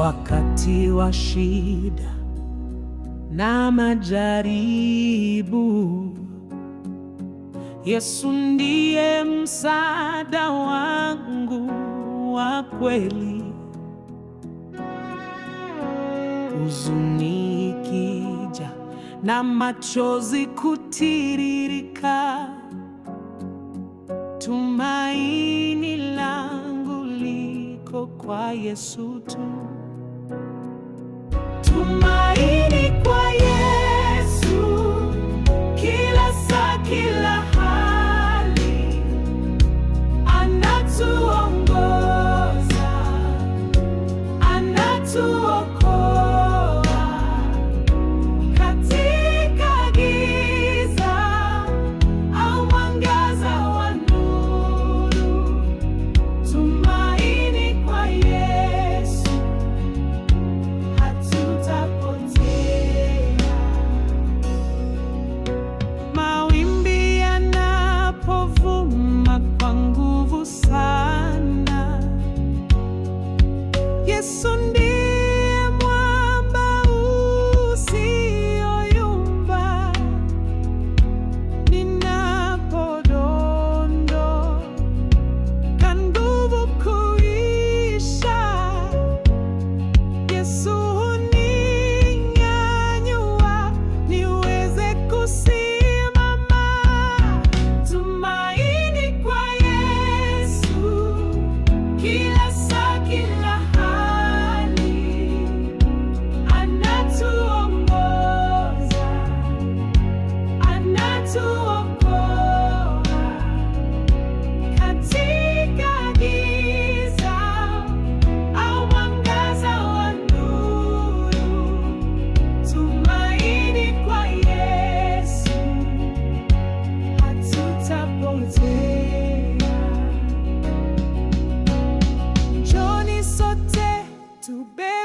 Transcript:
wakati wa shida na majaribu, Yesu ndiye msaada wangu wa kweli. Huzuni ikija na machozi kutiririka, tumaini langu liko kwa Yesu tu. Tumaini. kutuokoa katika giza au Yesu, hatutapotea. Njoni